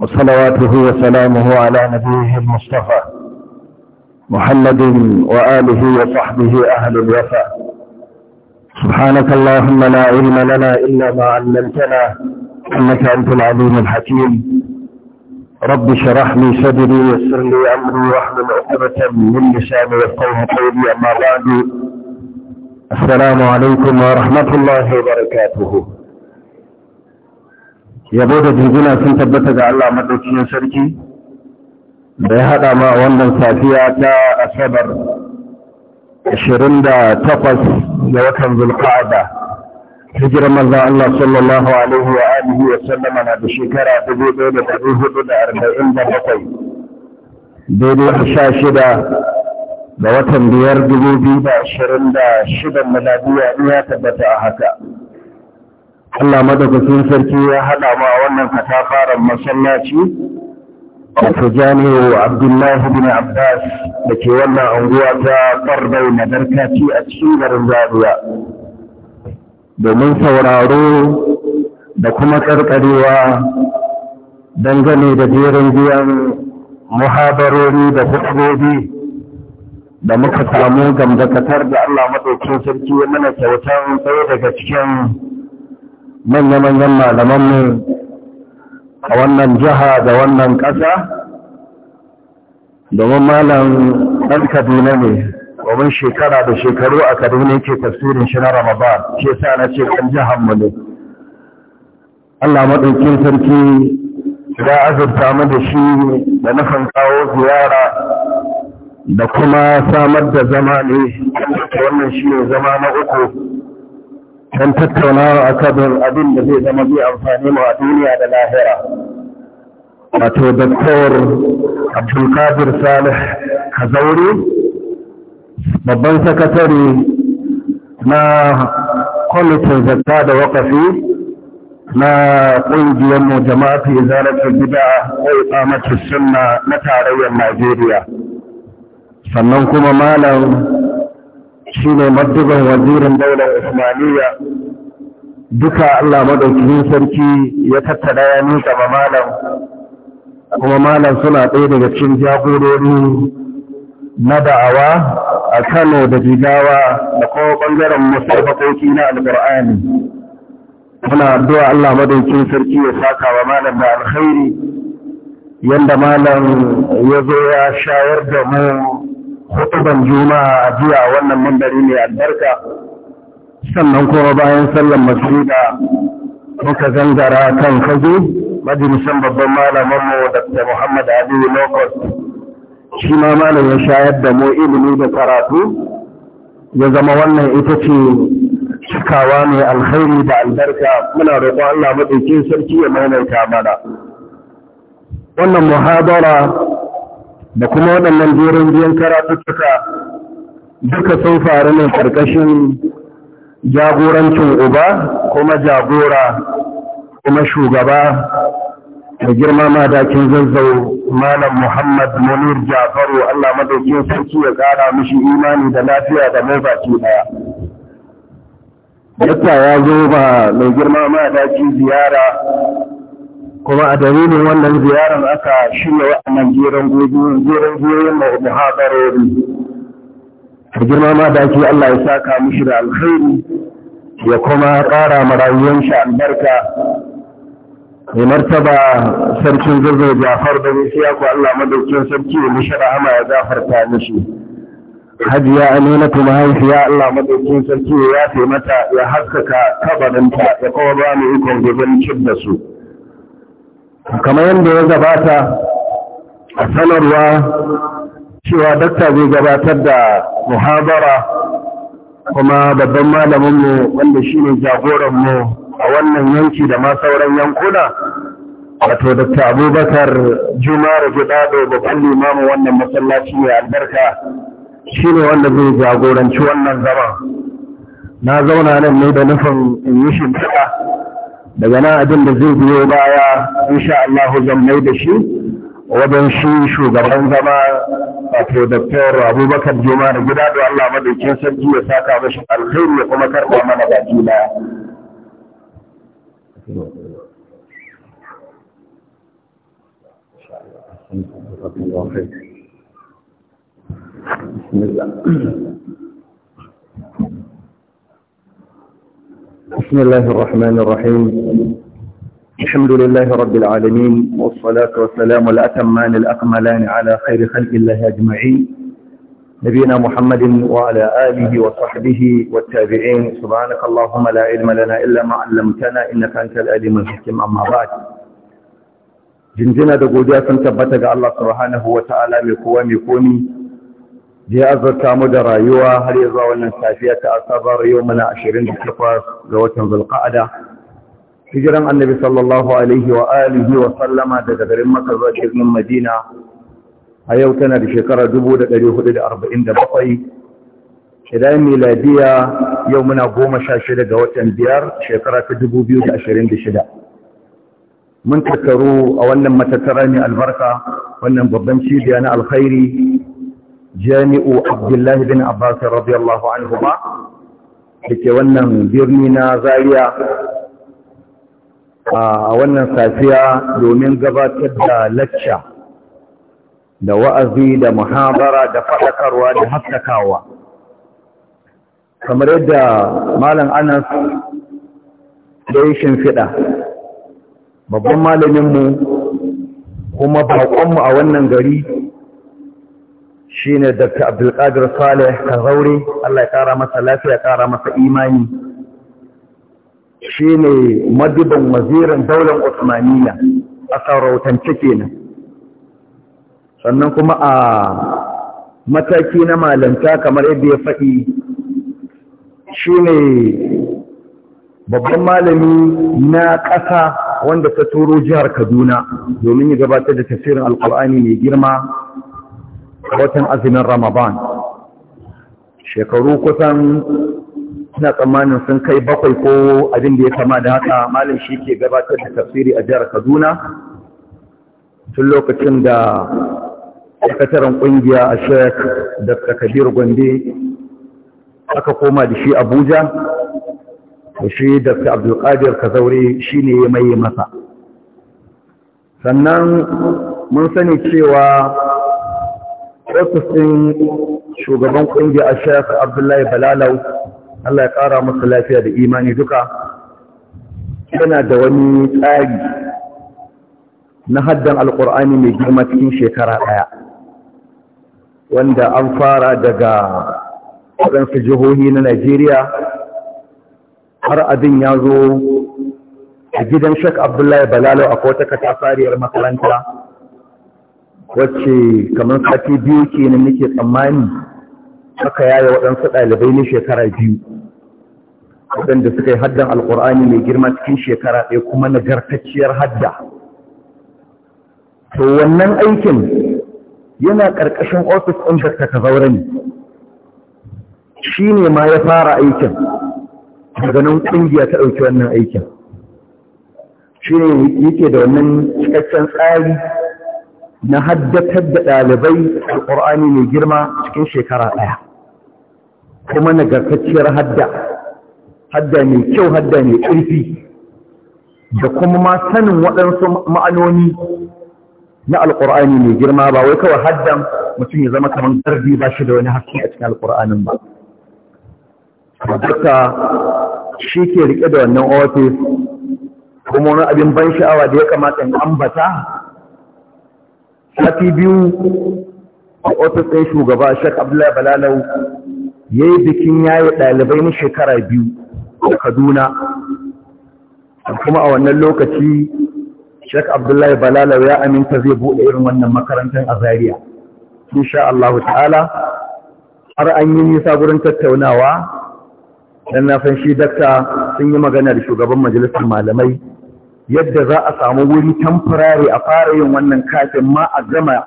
وصلواته وسلامه على نبيه المصطفى محمد وآله وصحبه أهل الوفاء سبحانك اللهم لا علم لنا إلا ما علمتنا إنك أنت العليم الحكيم رب شرح لي صدري ويسر لي أمري واحلل عقبة من لساني يفقه قولي أما بعد السلام عليكم ورحمة الله وبركاته yabo da jinguna sun tabbata ga Allah madaukakin sarki da ya hada ma wannan safiya ta asabar 28 ga watan zulqa'ada hijirar manzon Allah sallallahu alaihi wa alihi wa sallama na da shekara 1447 daidai sha shida ga watan biyar 2026 miladiya iya tabbata a haka Allah madaukakin sarki ya haɗa ma wannan katafaren masallaci wato jami'u Abdullahi bin Abbas da ke wannan anguwa ta Karbau na Darkaci a cikin garin Zaria domin sauraro da kuma karkarewa dangane da jerin biyan muhabarori da hukumomi da muka samu gamdakatar da Allah madaukakin sarki ya mana kyautan tsaye daga cikin manya-manyan malamanmu a wannan jiha da wannan ƙasa domin malam ɗan kaduna ne domin shekara da shekaru a kaduna yake tafsirin shi na ramadan ce sa na ce ɗan jihanmu ne allah maɗaukin sarki ya azurta mu da shi da nufin kawo ziyara da kuma samar da zama ne wannan shi ne zama na uku don tattaunawa a kabin abin da zai zama zai amfani mu a duniya da lahira wato doktor abdulkadir salih kazauri babban sakatare na kwamitin zakka da wakafi na ƙungiyar mu jama'atu ta gida, kai iqamatus sunna na tarayyar Najeriya sannan kuma malam shi ne madubin wazirin daular Usmaniyya duka Allah madaukakin sarki ya tattara ya nika ba malam kuma malam suna ɗaya daga cikin jagorori na da'awa a Kano da Jigawa da kuma ɓangaren musabbakoki na Alƙur'ani muna addu'a Allah madaukin sarki ya saka wa malam da alkhairi yanda malam ya zo ya shayar da mu hutuban juma'a jiya wannan mandari mai albarka sannan kuma bayan sallan masjida muka zangara kan fage majalisan babban malamanmu da muhammad aliyu lokos shi ma malam ya shayar da mu ilimi da karatu ya zama wannan ita ce cikawa ne alkhairi da albarka muna roƙon allah maɗauki sarki ya maimaita mana wannan muhadara da kuma waɗannan jerin biyan karatuttuka duka sun faru ne ƙarƙashin jagorancin uba kuma jagora kuma shugaba da girma madakin zazzau malam muhammad munir jafaru allah madaukin sarki ya ƙara mishi imani da lafiya da mai baki ɗaya yadda ya zo ba mai girma madaki ziyara kuma a dalilin wannan ziyarar aka shirya waɗannan jeron goyon muhadarori a girmama da ake Allah ya saka mishi da alkhairi ya kuma ƙara marayuwan shi albarka mai martaba sarkin zirga jafar da nisi ya ku Allah madaukin sarki ya mishi rahama ya zafarta mishi hajiya amina kuma haifiya Allah madaukin sarki ya yafe mata ya haskaka kabarinta ya kuma ba mu ikon gudun cib da su kamar yadda ya gabata a sanarwa cewa dakta zai gabatar da muhabara kuma babban malaminmu wanda shi ne jagoranmu a wannan yanki da ma sauran yankuna wato dakta abubakar jumar da babban limamin wannan masallaci mai albarka shi ne wanda zai jagoranci wannan zama na zauna nan ne da nufin in yi shimfiɗa daga nan abin da zai biyo baya insha Allah zan mai da shi wajen shi shugaban zama wato Dr. Abubakar Juma da gida da Allah madaukin sarki ya saka mashi alheri ya kuma karba mana baki na. بسم الله بسم الله الرحمن الرحيم الحمد لله رب العالمين والصلاة والسلام الأتمان الأكملان على خير خلق الله أجمعين نبينا محمد وعلى آله وصحبه والتابعين سبحانك اللهم لا علم لنا إلا ما علمتنا إنك أنت العليم الحكيم أما بعد جنجنا دقوديا سنتبتك الله سبحانه وتعالى مكوى مكوني da ya azurta mu da rayuwa har ya zuwa wannan safiya ta asabar yau mana ashirin da takwas ga watan zulqa'ada hijiran annabi sallallahu alaihi wa alihi wa sallama daga garin makka zuwa birnin madina a yau tana da shekara dubu da ɗari hudu da arba'in da bakwai idan miladiya yau muna goma sha shida ga watan biyar shekara ta dubu biyu da ashirin da shida mun tattaru a wannan matattara ne albarka wannan babban cibiya na alkhairi jami'u abdullahi bin abbas radiyallahu ma. dake wannan birni na zaria a wannan safiya domin gabatar da lacca da wa'azi da muhabara da faɗakarwa da haskakawa kamar yadda malam anas da ya shimfiɗa babban malaminmu kuma baƙonmu a wannan gari shi ne Dr. Abdulkadir Saleh Kazaure, Allah ya ƙara masa lafiya, ƙara masa imani, shi ne madiban wazirin daular Osmaniya a cike kenan. Sannan kuma a mataki na malanta kamar yadda ya faɗi, shi ne babban malami na ƙasa wanda ta turo jihar Kaduna domin ya gabatar da tasirin Alƙul'ani mai girma watan azumin ramadan shekaru kusan na tsammanin sun kai bakwai ko abin da ya kama da haka malam shi ke gabatar da tafsiri a jihar kaduna tun lokacin da sakataren kungiya a shek dr kabir gombe aka koma da shi abuja da shi dr abdulkadir kazaure shi ne ya maye masa sannan mun sani cewa ofisin shugaban ƙungiyar shek abdullahi balalau allah ya ƙara masa lafiya da imani duka yana da wani tsari na haddan alkur'ani mai girma cikin shekara ɗaya wanda an fara daga waɗansu jihohi na najeriya har abin ya zo a gidan shek abdullahi balalau a kota katafariyar makaranta wacce kamar sati biyu ke nan nake tsammani aka yaya waɗansu ɗalibai na shekara biyu waɗanda suka yi haddan alƙur'ani mai girma cikin shekara ɗaya kuma nagartacciyar hadda to wannan aikin yana ƙarƙashin ofis ɗin da ta ne shi ne ma ya fara aikin daga nan ƙungiya ta ɗauki wannan aikin shi ne yake da wannan cikakken tsari na haddatar da ɗalibai alƙur'ani mai girma cikin shekara ɗaya kuma nagartacciyar hadda hadda mai kyau hadda mai ƙarfi da kuma ma sanin waɗansu ma'anoni na alƙur'ani mai girma ba wai kawai haddan mutum ya zama kamar ƙarfi ba shi da wani haske a cikin alƙur'anin ba Dukka shi ke riƙe da wannan ofis kuma wani abin ban sha'awa da ya kamata in ambata sati biyu a ofis ɗin shugaba shek abdullahi balalau ya yi bikin yaye ɗalibai na shekara biyu a kaduna kuma a wannan lokaci shek abdullahi balalau ya aminta zai buɗe irin wannan makarantar a zaria insha Allah ta'ala har an yi nisa gurin tattaunawa dan na shi dakta sun yi magana da shugaban majalisar malamai yadda za a samu wuri temporary a fara yin wannan kafin ma a gama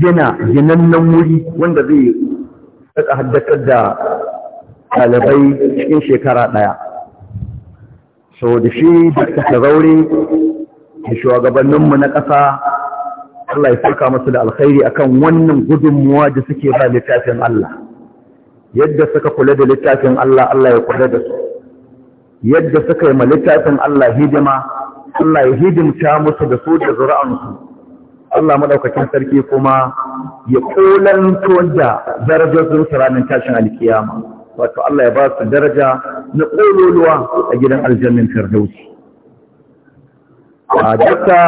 gina ginannen wuri wanda zai saka haddatar da ɗalibai cikin shekara ɗaya so da shi da zaure da shugabanninmu na ƙasa Allah ya saka musu da alkhairi akan wannan gudunmuwa da suke ba littafin Allah yadda suka kula da littafin Allah Allah ya kula da su yadda suka yi ma littafin Allah hidima Allah ya hidimta musu da su da zura'ansu Allah madaukakin sarki kuma ya kolanto da darajar ranar tashin alkiyama wato Allah ya ba su daraja na kololuwa a gidan aljannin firdausi a dakta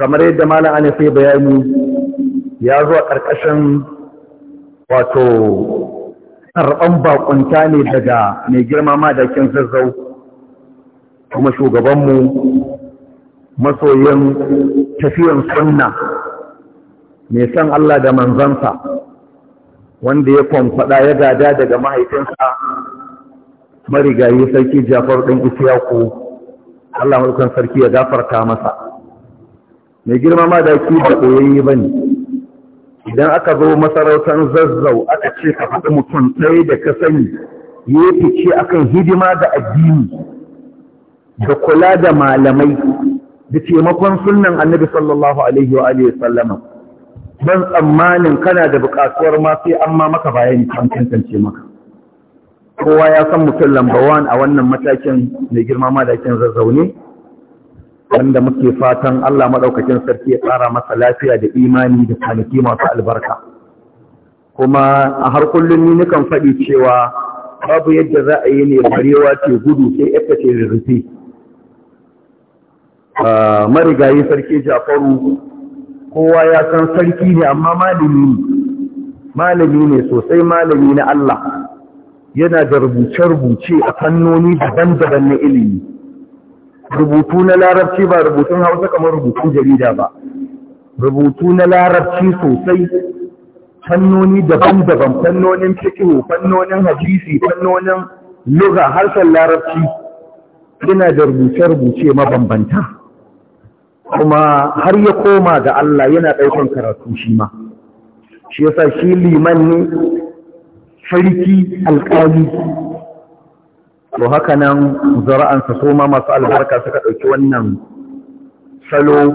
kamar yadda malam ana sai bayani ya zo a ƙarƙashin wato karɓan bakunta ne daga mai girma madakin zazzau kuma shugabanmu masoyin tafiyan sunna mai san Allah da manzansa wanda ya kwamfada ya gada daga mahaifinsa marigayi sarki jafar ɗin isiyaku Allah mulkan sarki ya gafarta masa mai girma ma da ki da koyayi ba ne idan aka zo masarautar zazzau aka ce ka faɗi mutum ɗaya da ka sani ya fice akan hidima da addini da kula da malamai da taimakon sunan annabi sallallahu alaihi wa alihi sallama ban tsammanin kana da bukatuwar ma sai an ma maka bayani kan tantance maka kowa ya san mutum lambawan a wannan matakin mai girma madakin zazzaune wanda muke fatan Allah madaukakin sarki ya tsara masa lafiya da imani da kwanaki masu albarka kuma a har kullum ni nukan faɗi cewa babu yadda za a yi ne barewa ce gudu sai ya ce rufe Ah, marigayi sarki jafaru kowa ya san sarki ne amma malami ne. malami ne sosai malami na Allah yana da rubuce-rubuce a fannoni daban-daban na ilimi rubutu na larabci ba rubutun hausa kamar rubutun jarida ba rubutu na larabci sosai fannoni daban-daban fannonin fikihu fannonin hadisi fannonin lugha harshen larabci yana da rubuce-rubuce mabambanta kuma har ya koma ga Allah yana ɗaukan karatu shi ma shi yasa shi liman ne sarki alƙali to haka nan zara'ansa so ma masu albarka suka ɗauki wannan salo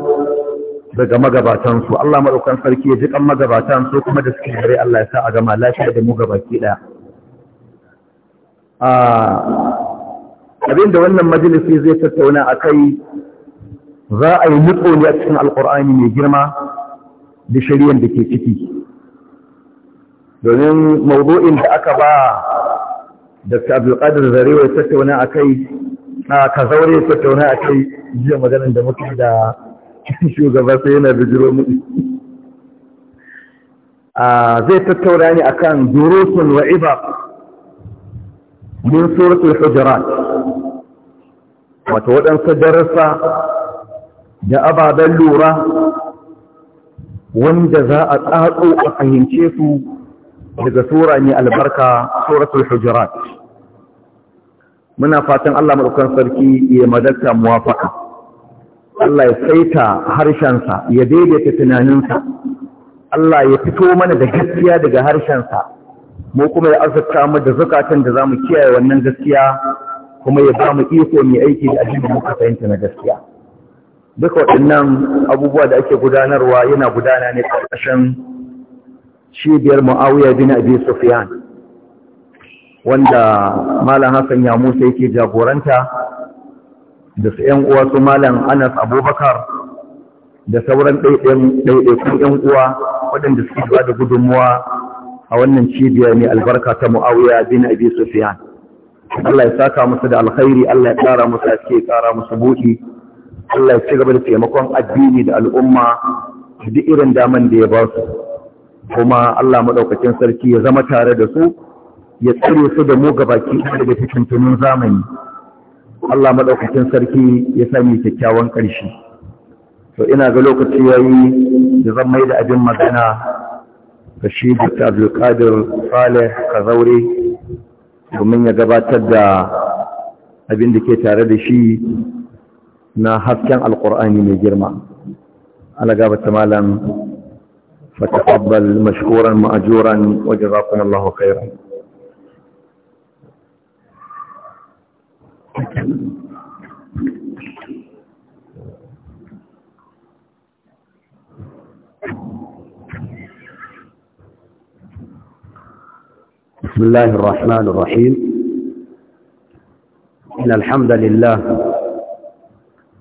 daga magabatansu Allah maɗaukan sarki ya jiƙan magabatan su kuma da suke gare Allah ya sa a gama lafiya da mu gabaki ɗaya ah, abinda wannan majalisi zai tattauna a kai za a yi nutso ne a cikin alkur'ani mai girma da shari'ar da ke ciki domin mawdu'in da aka ba dr abdulkadir zarewa ya tattauna a kai a kazaure ya tattauna a kai jiya maganin da mutum da shugaba sai yana bijiro mu zai tattauna ne a akan durusun wa iba min suratul hujurat wato waɗansu darasa da ababen lura wanda za a tsatso a fahimce su daga sura ne albarka suratul hujurat muna fatan Allah madaukakin sarki ya madarta muwafaka Allah ya saita harshensa ya daidaita tunaninsa Allah ya fito mana da gaskiya daga harshensa mu kuma ya azurta mu da zukatan da zamu kiyaye wannan gaskiya kuma ya ba mu iko mai aiki da abin da muka fahimta na gaskiya duka waɗannan abubuwa da ake gudanarwa yana gudana ne ƙarƙashin cibiyar ma'awuyar bin abi Sufiyan. wanda malam hassan ya musa yake jagoranta da su ‘yan uwa su malam anas abubakar da sauran ɗaiɗaikun ‘yan uwa waɗanda suke bada da gudunmuwa a wannan cibiyar mai albarka ta ma'awuyar bin abi Sufiyan. Allah ya saka musu da alkhairi Allah ya tsara musu aske suke ƙara musu buɗi Allah ya ci gaba da taimakon addini da al'umma duk irin daman da ya ba su kuma Allah maɗaukacin sarki ya zama tare da su ya tsire su da mu gabaki daga fitintunin zamani Allah maɗaukacin sarki ya sami kyakkyawan ƙarshe to ina ga lokaci ya yi da zan mai da abin magana ga shi Dr. Abdulkadir Saleh Kazaure domin ya gabatar da abin da ke tare da shi na hasken alkur'ani mai girma alagaba ta malam fatakabbal mashkuran ma'ajuran wajen zafin allahu khairan بسم الله الرحمن الرحيم إن الحمد لله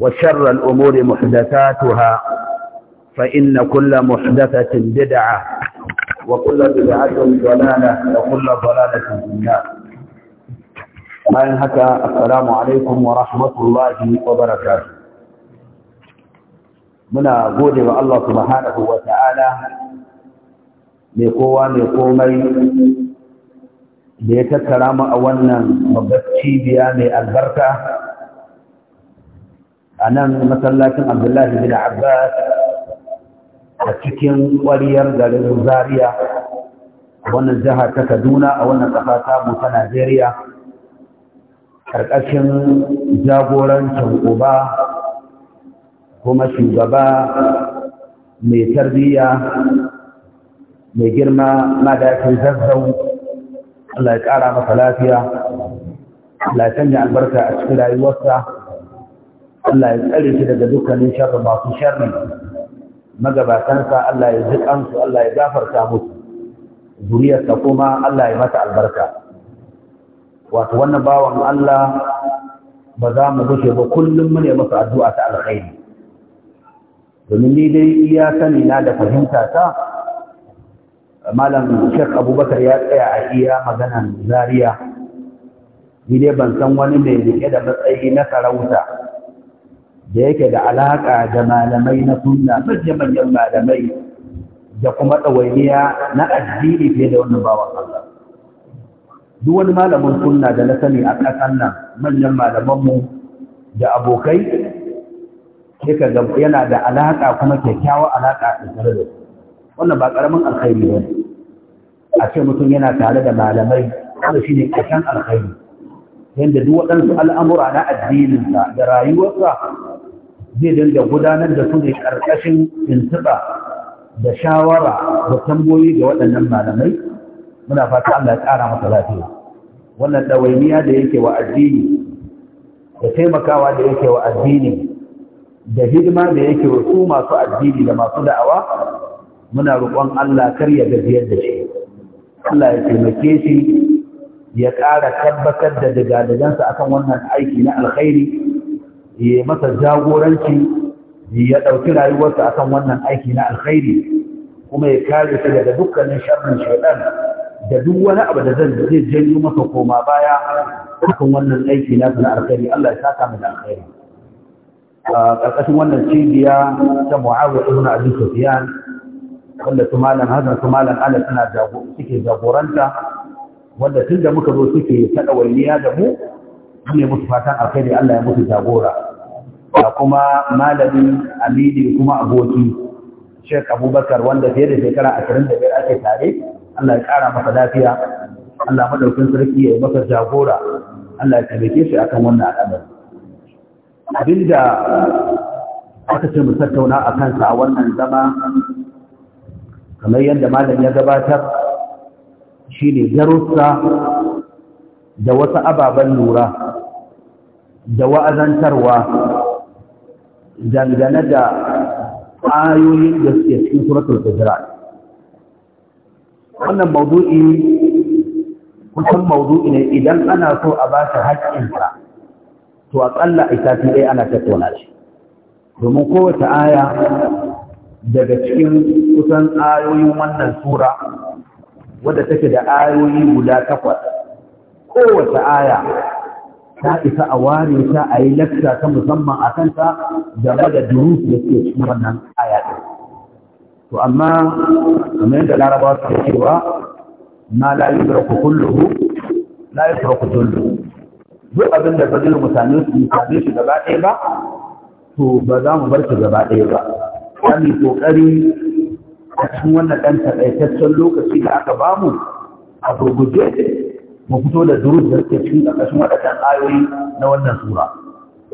وشر الأمور محدثاتها فإن كل محدثة بدعة وكل بدعة ضلالة وكل ضلالة ما أنهك السلام عليكم ورحمة الله وبركاته من أقول الله سبحانه وتعالى لقوة لقومي ليتسلام أولا مبتشي بيامي البركة البركة a nan masallacin abdullahi bin abbas a cikin ƙwariyar garin a wannan jihar ta kaduna a wannan ƙasa ta ta najeriya ƙarƙashin jagorancin uba kuma shugaba mai tarbiyya mai girma na da yakin zazzau Allah ya ƙara masa lafiya Allah ya canja albarka a cikin rayuwarsa Allah ya tsare shi daga dukkanin sharri masu sharri magabatansa Allah ya ji Allah ya gafarta musu zuriyarsa kuma Allah ya mata albarka wato wannan bawan Allah ba za mu gushe ba kullum mu ne masa addu'a ta alkhairi domin ni dai iya sani na da fahimta ta malam Sheikh Abubakar ya tsaya a iya maganan Zariya. ni dai ban san wani mai rike da matsayi na sarauta da yake da alaƙa da malamai na sunna manya-manyan malamai da kuma ɗawainiya na addini fiye da wannan bawan Allah. Duk wani malamin sunna da na sani a ƙasan nan manyan malamanmu da abokai ga yana da alaƙa kuma kyakkyawar alaƙa a tare da su. Wannan ba ƙaramin alkhairi ba A ce mutum yana tare da malamai wanda shi ne ƙarshen alkhairi. Yanda duk waɗansu al'amura na addininsa da rayuwarsa zai dinga gudanar da su ne ƙarƙashin intiba da shawara da tamboyi ga waɗannan malamai muna fata Allah ya ƙara masa lafiya wannan ɗawainiya da yake wa addini da taimakawa da yake wa addini da hidima da yake wa su masu addini da masu da'awa muna roƙon Allah kar ya gajiyar da shi Allah ya taimake shi ya ƙara tabbatar da digadigansa akan wannan aiki na alkhairi ya masa jagoranci ya ɗauki rayuwarsa akan wannan aiki na alkhairi kuma ya kare shi daga dukkanin sharrin shaidan da duk wani abu da zan zai janyo masa koma baya akan wannan aiki na sana alkhairi Allah ya saka mu da alkhairi a ƙarƙashin wannan cibiya ta mu'awar ibn Abin Sufyan wanda su malam Hazan su malam Ala suna suke jagoranta wanda tun da muka zo suke ta ɗawainiya da mu ne musu fatan alkhairi Allah ya mutu jagora da kuma malamin amini kuma aboki Sheikh Abubakar wanda fiye da shekara 25 ake tare Allah ya kara masa lafiya Allah madaukin sarki ya masa jagora Allah ya tabbake shi akan wannan al'amari abinda aka ce mu tattauna a kansa a wannan zama kamar yadda malam ya gabatar shine darussa da wasu ababen lura da wa'azantarwa dangane da ayoyin da suke cikin suratul hijira wannan maudu'i kusan maudu'i ne idan ana so a ba shi haƙƙinsa to aƙalla a sati ɗaya ana tattauna shi domin kowace aya daga cikin kusan ayoyin wannan sura wadda take da ayoyi guda takwas kowace aya ta isa a ware ta a yi lakta ta musamman a kanta game da durus da ke cikin wannan aya to amma kamar yadda Laraba su cewa ma la yudraku kulluhu la yudraku kulluhu duk abin da ba zai mutane su same shi gaba ɗaya ba to ba za mu bar shi gaba ɗaya ba kami ƙoƙari, a cikin wannan ɗan taƙaitaccen lokaci da aka bamu a gurguje mu fito da durus da suke cikin ƙarƙashin waɗannan ayoyi na wannan sura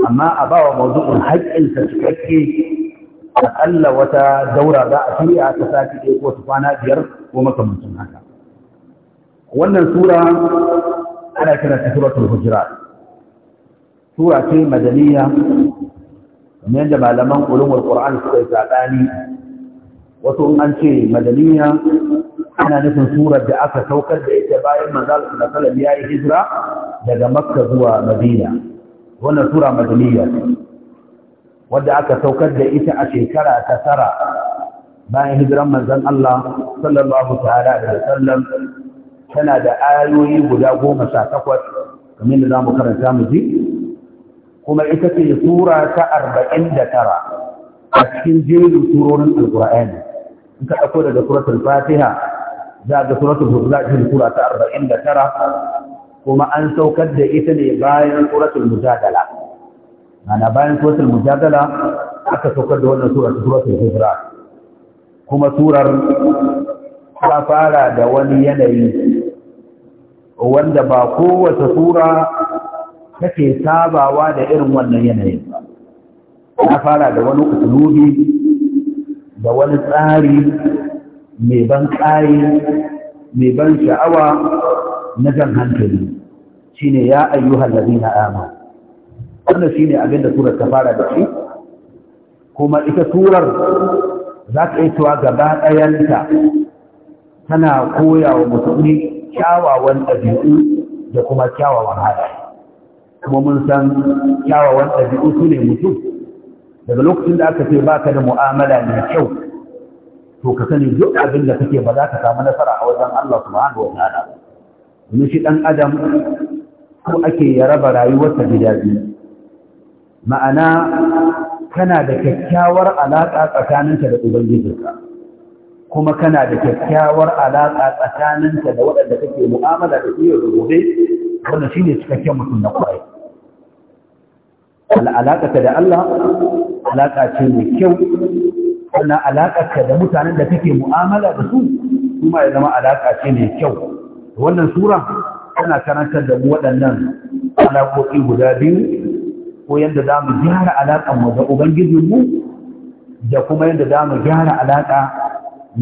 amma a ba wa mawdu'un haƙƙinsa cikakke aƙalla wata daura za a shirya ta sati ɗaya ko su kwana biyar ko makamancin haka wannan sura ana kira ta hujira. hujurat sura ce madaniya kamar yadda malaman ulumul qur'an suka yi sabani wasu in an ce madaniya ana nufin surar da aka saukar da ita bayan manzo Allah sallallahu ya yi hijira daga Makka zuwa Madina wannan sura madaniyya wadda aka saukar da ita a shekara ta tara bayan hijiran manzon Allah sallallahu ta'ala alaihi wasallam tana da ayoyi guda goma sha takwas kamar da zamu karanta mu ji kuma ita ce sura ta arba'in da tara a cikin jerin surorin alqur'ani in ka ɗauko daga suratul fatiha za ga suratul hujurat shi sura ta 49 kuma an saukar da ita ne bayan suratul mujadala ana bayan suratul mujadala aka saukar da wannan sura suratul hujurat kuma surar ta fara da wani yanayi wanda ba kowace sura take sabawa da irin wannan yanayin ta fara da wani usulubi da wani tsari mai ban ƙari mai ban sha'awa na jan hankali shine ya ayyuhal na amanu wannan shi ne abinda surar ta fara da shi kuma ita turar za ka yi tuwa gaba ɗayanta tana koya wa mutumi kyawawan ɗabi'u da kuma kyawawan haɗa. kuma mun san kyawawan ɗabi'u su ne mutum daga lokacin da aka ce baka da mu'amala mai kyau to ka sani duk abin da kake ba za ka samu nasara a wajen Allah subhanahu wa ta'ala shi dan adam ko ake ya raba rayuwarsa gida biyu ma'ana kana da kyakkyawar alaƙa tsakaninka da ubangijinka kuma kana da kyakkyawar alaƙa tsakaninka da waɗanda kake mu'amala da iya da gobe wannan shine cikakken mutum na kwaye al'alaƙa da Allah alaƙa ce mai kyau sannan alaƙarka da mutanen da kake mu'amala da su kuma ya zama alaƙa ce mai kyau wannan sura tana karantar da mu waɗannan alaƙoƙi guda biyu ko yadda za mu gyara alaƙar mu da ubangijinmu da kuma yadda za mu gyara alaƙa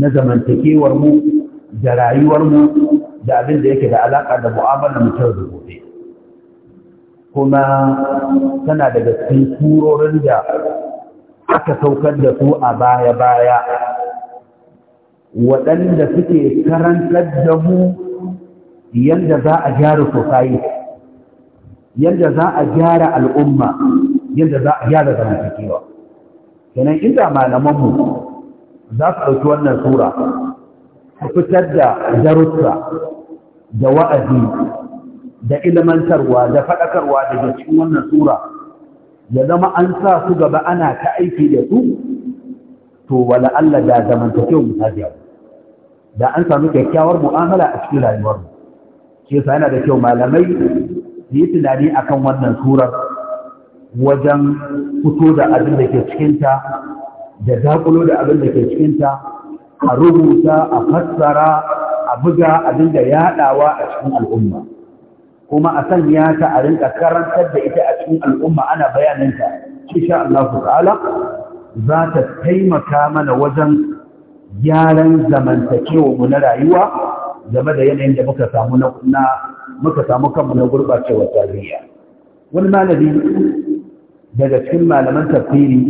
na zamantakewar mu da rayuwar mu da abin da yake da alaƙa da mu'amala mu da gobe kuma tana daga cikin surorin da aka saukar da su a baya-baya waɗanda suke karantar da mu yadda za a gyara sosai, yadda za a gyara al'umma yadda za a gyara zamantakewa kenan inda malamanmu za su ɗauki wannan sura su fitar da darussa da wa'azi da ilmantarwa da faɗakarwa daga cikin wannan sura ya zama an sa su gaba ana ta aiki da su to wala Allah da zamantakewar mu ta da an samu kyakkyawar mu'amala a cikin rayuwar mu shi yasa yana da kyau malamai su yi tunani akan wannan surar wajen fito da abin da ke cikinta da zakulo da abin da ke cikinta a rubuta a fassara a buga abin da yaɗawa a cikin al'umma kuma a sanya ta a rinka karantar da ita a cikin al'umma ana bayaninta insha Allah ta'ala za ta taimaka mana wajen gyaran zamantakewa mu na rayuwa game da yanayin da muka samu na muka samu kanmu na gurbacewar tarbiyya wani malami daga cikin malaman tafsiri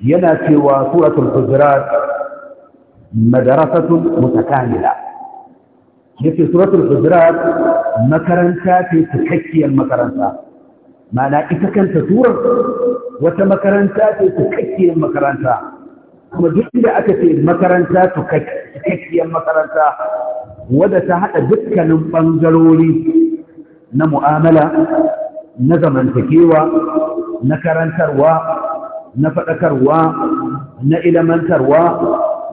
yana cewa suratul hujurat madarasatun mutakamila yace suratul hujurat makaranta ce cikakkiyar makaranta mana ita kanta surar wata makaranta ce cikakkiyar makaranta kuma duk da aka ce makaranta cikakkiyar makaranta wadda ta haɗa dukkanin ɓangarori na mu'amala na zamantakewa na karantarwa na faɗakarwa na ilmantarwa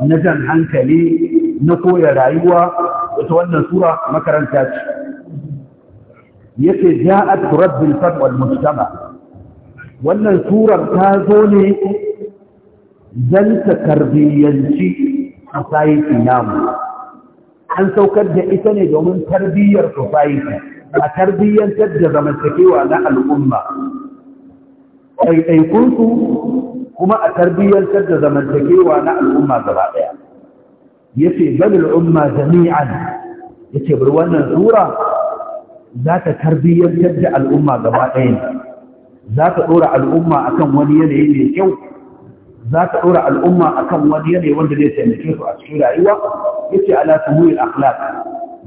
na jan hankali na koya rayuwa ita wannan sura makaranta ce yake ja'at rabbil fat wal mujtama wannan surar ta zo ne dan ta karbiyanci society namu an saukar da ita ne domin tarbiyyar society a tarbiyyantar da zamantakewa na al'umma ɗaiɗaikunsu kuma a tarbiyyantar da zamantakewa na al'umma gaba ɗaya ya ce balil umma jami'an yace bari wannan sura za ta tarbiyyantar da al'umma gaba ɗaya za ta ɗora al'umma akan wani yanayi mai kyau za ta ɗora al'umma akan wani yanayi wanda zai taimake su a cikin rayuwa yace ala tumuyi akhlaq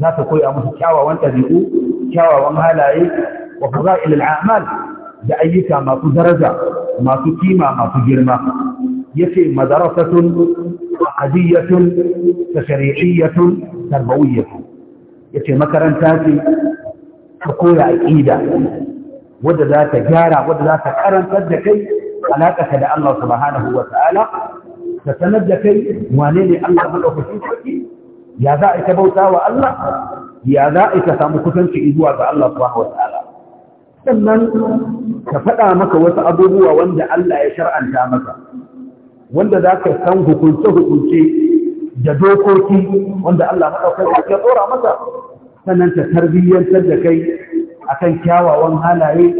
za ta koya musu kyawawan ɗabi'u kyawawan halaye wa fada'il al'amal da ayyuka masu daraja masu kima masu girma yace madarasatun aqdiyyatun shari'iyyatun tarbawiyatun yace makaranta ce ta koya aƙida wadda za ta gyara wadda za ta karantar da kai alaƙaka da Allah subhanahu ta sanar da kai wane ne Allah sarki ya za a ita bauta wa Allah ya za a samu kusanci zuwa ga Allah subhanahu sannan ka faɗa maka wasu abubuwa wanda Allah ya shar'anta maka wanda za ka san hukunce-hukunce da dokoki wanda Allah maɗaukaki ya tsora masa sannan ta tarbiyyantar da kai a kan kyawawan halaye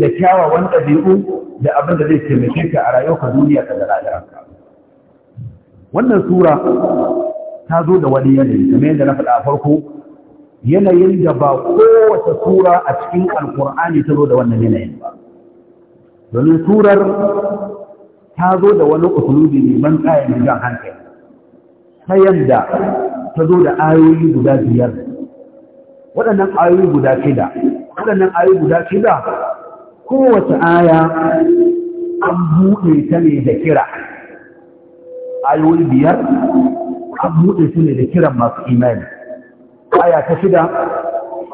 da kyawawan ɗabi'u da abin da zai taimake ka a rayuwar duniya ta da rayuwarka wannan sura ta zo da wani yanayi kamar yadda na faɗa a farko yanayin da ba kowace sura a cikin alkur'ani ta zo da wannan yanayin ba domin surar ta zo da wani usulubi mai ban kayan jan hankali ta yadda ta zo da ayoyi guda biyar waɗannan ayoyi guda shida waɗannan ayoyi guda shida kowace aya an buɗe ta ne da kira ayoyi biyar an buɗe su ne da kiran masu imani aya ta shida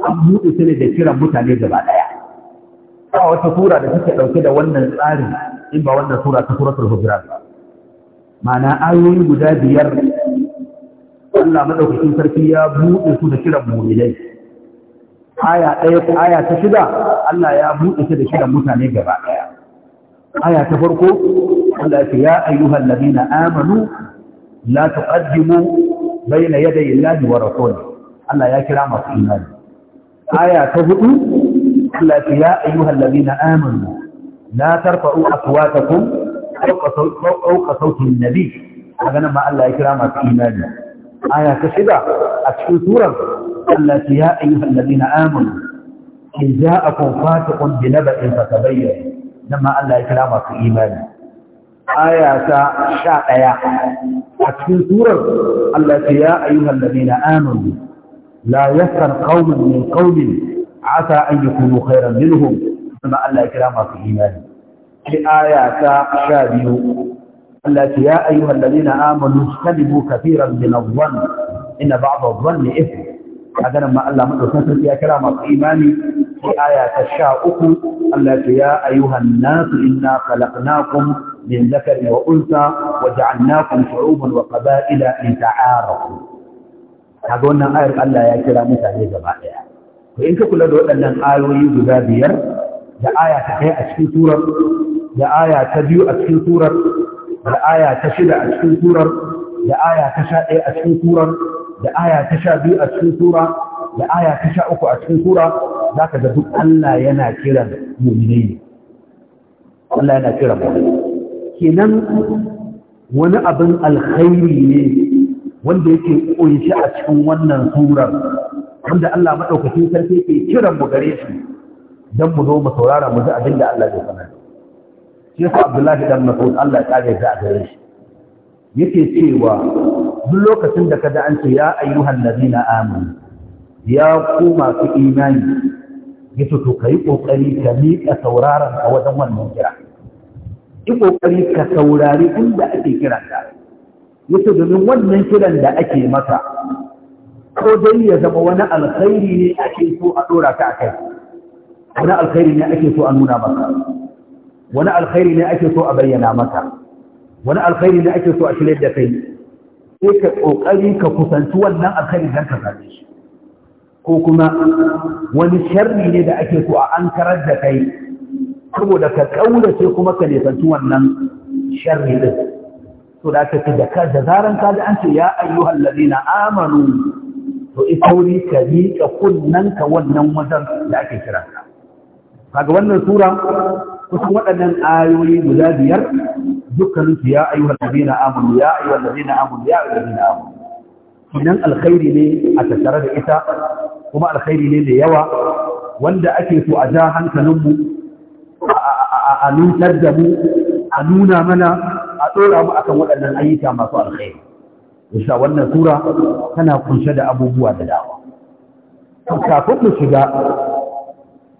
an buɗe su ne da kiran mutane gaba ɗaya ba wata sura da suke ɗauke da wannan tsarin in ba wannan sura ta suratul hujurat ba ma'ana ayoyi guda biyar Allah madaukakin sarki ya buɗe su da kiran mu'minai aya ɗaya ko aya ta shida Allah ya buɗe su da kiran mutane gaba ɗaya aya ta farko Allah ya ce ya ayyuhal ladina amanu la tuqaddimu bayna yadayi Allah wa rasulihi Allah ya kira masu imani aya ta hudu Allah ya ce ya ayyuhal ladina amanu la tarfa'u aswatakum fawqa sauti an-nabi haka nan ma Allah ya kira masu imani آية سبع السطورة التي يا أيها الذين آمنوا إن جاءكم فاتق بنبأ فتبين لما أن لا إكلام في إيمان آية شاقية السطورة التي يا أيها الذين آمنوا لا يسر قوم من قوم عسى أن يكونوا خيرا منهم لما أن لا إكلام في إيمان في آية شاقية Allah ce ya ayyuhal ladina amanu talibu kafiran min adh-dhann inna ba'd adh-dhann ithm kaga nan ma Allah madaukakin sarki ya kira masu imani في آية أخو التي يا أيها الناس إنا خلقناكم من ذكر وأنثى وجعلناكم شعوبا وقبائل لتعارفوا هذونا آية الله يا كلام تهي جماعية وإن كل دول أن آية جبابية دا آية تهي أشكي سورة دا آية تبيو أشكي سورة da aya ta shida a cikin turar da aya ta sha ɗaya a cikin turar da aya ta sha biyu a cikin tura da aya ta sha uku a cikin tura za ka ga duk Allah yana kiran muminai ne Allah yana kiran muminai kenan wani abin alkhairi ne wanda yake kunshi a cikin wannan turar, wanda Allah madaukakin sarki yake kiran mu gare shi don mu zo mu saurara mu ji abin da Allah zai faɗa. shi Abdullahi dan Mas'ud Allah ya kare a gare shi yake cewa duk lokacin da kada an ce ya ayyuhan ladina amanu ya ku masu imani yace to yi ƙoƙari ka miƙa sauraron a wajen wannan kira ki ƙoƙari ka saurari inda ake kiran ka domin wannan kiran da ake masa. ko dai ya zama wani alkhairi ne ake so a dora ka kai, wani alkhairi ne ake so a nuna maka wani alkhairi ne ake so a bayyana maka wani alkhairi ne ake so a shirya da kai sai ka kokari ka kusanci wannan alkhairi dan ka same shi ko kuma wani sharri ne da ake so a karar da kai saboda ka sai kuma ka nisanci wannan sharri din to da ka da ka da zaran ka ji an ce ya ayyuhal ladina amanu to itauri ka miƙa kunnanka wannan wajen da ake kira kaga wannan sura kusan waɗannan ayoyi guda biyar dukkanin su ya ayyuhal na amanu ya ayyuhal na amanu ya ayyuhal na amanu idan alkhairi ne a tattare da ita kuma alkhairi ne da yawa wanda ake so a ja hankalinmu a nutar da mu a nuna mana a ɗora mu akan waɗannan ayyuka masu alkhairi yasa wannan sura tana kunshe da abubuwa da dama kafin mu shiga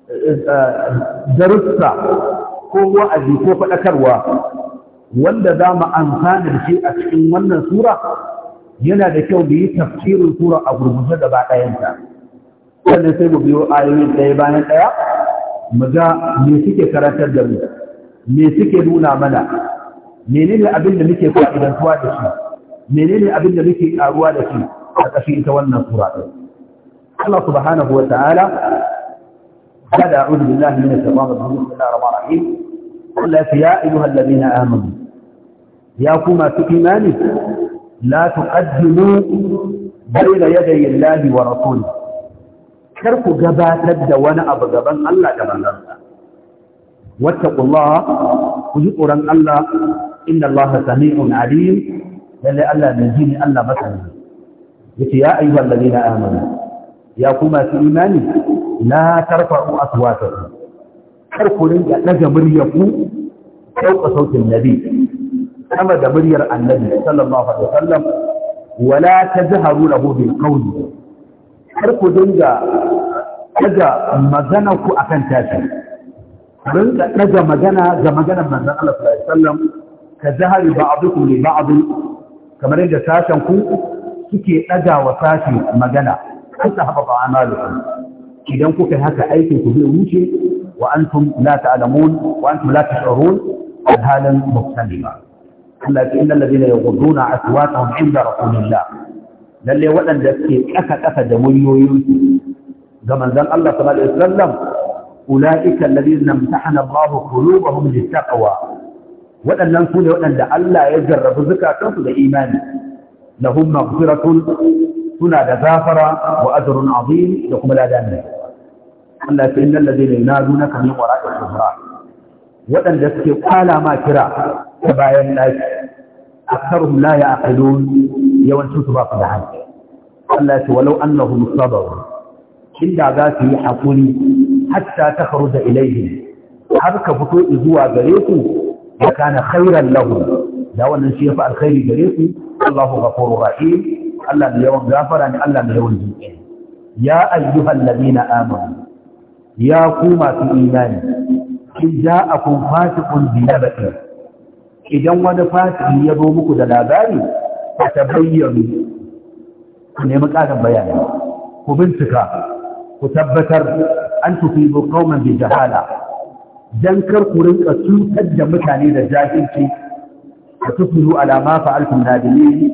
eh, eh, darussa ko wa'azi ko faɗakarwa wanda za mu amfana shi a cikin wannan sura yana da kyau da yi tafsirin sura a gurgurta ba ɗayanta sannan sai mu biyo ayoyin ɗaya bayan ɗaya mu ga me suke karantar da mu me suke nuna mana menene abin da muke fa'idantuwa da shi menene abin da muke ƙaruwa da shi a ƙashi ita wannan sura ɗin Allah subhanahu wa ta'ala hada a'udhu billahi minash shaitanir rajim bismillahir rahmanir rahim Allah ya ayyuhal ladina amanu ya kuma su imani la tuqaddimu bayna yaday Allahi wa rasulihi kar ku gabatar da wani abu gaban Allah da manzansa wattaqullaha ku ji tsoron Allah inna Allah sami'un alim lalle Allah mai jini Allah masani yace ya ayyuhal ladina amanu ya kuma su imani la tarfa'u aswatakum kar ku rinka daga muryar ku ɗauka sautin nabi sama da muryar annabi sallallahu alaihi wasallam wala tajharu lahu bil qawl kar ku dinga daga magana ku akan tashi rinka daga magana ga maganar manzon Allah sallallahu alaihi wasallam ka jahari ba'dukum li ba'd kamar yadda sashen ku suke daga wa sashi magana an sahaba ba amalukum idan kuka haka aikin ku zai wuce wa antum la ta'lamun wa antum la tash'urun alhalan muhtalima Allah ya ce innal ladina yaghudduna aswatahum inda rasulillah lalle waɗanda ke kasa kasa da muryoyinsu ga manzon Allah sallallahu alaihi wasallam ulaika alladhina imtahana Allahu qulubahum littaqwa waɗannan su waɗanda Allah ya jarrabu zukatansu da imani lahum maghfiratun suna da zafara wa ajrun da kuma ladan Allah ya fi inda ladina yunaduna ka min wara'i zuhra waɗanda suke kwala ma kira ta bayan ɗaki aktharuhum la ya'qilun yawancin ba su da hankali Allah ya ce walau annahum sabaru inda za su yi hakuri hatta ta kharuja ilayhim har ka fito zuwa gare ku ya kana khairan lahu da wannan shi ya alkhairi gare ku Allahu ghafurur rahim Allah da yawan gafara ne Allah da yawan jinƙi ya ayyuhal ladina amanu ya ku masu imani in ja a kun fasikun biyarati idan wani fasiki ya zo muku da labari a ta ku nemi ƙarin bayani ku bincika ku tabbatar an tufi bu kauman bi jahala dan kar ku rinka cutar da mutane da jahilci ka tufiru alama fa'altum nadimi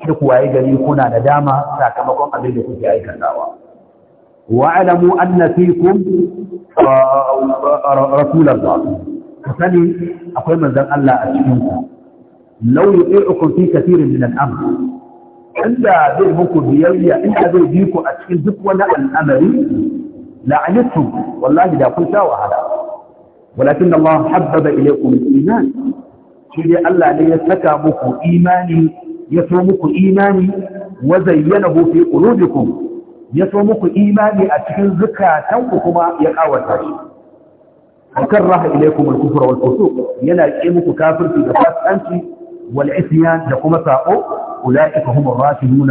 ku waye gari kuna da dama sakamakon abin da kuke aikatawa wa'alamu anna fikum rasulullah sani akwai manzan Allah a cikin ku law yu'ikum fi kathirin min al inda zai muku biyayya inda zai bi ku a cikin duk wani al'amari la'anitu wallahi da kun sha wahala walakin Allah habbaba ilaykum iman shi dai Allah ne ya saka muku imani ya so muku imani wa zayyanahu fi qulubikum ya so muku imani a cikin zukatanku kuma ya kawata shi akan raha ilaikum al-kufr wal fusuq yana ke muku kafirci da fasikanci wal isyan da kuma sa'o ulaika hum ar-rashidun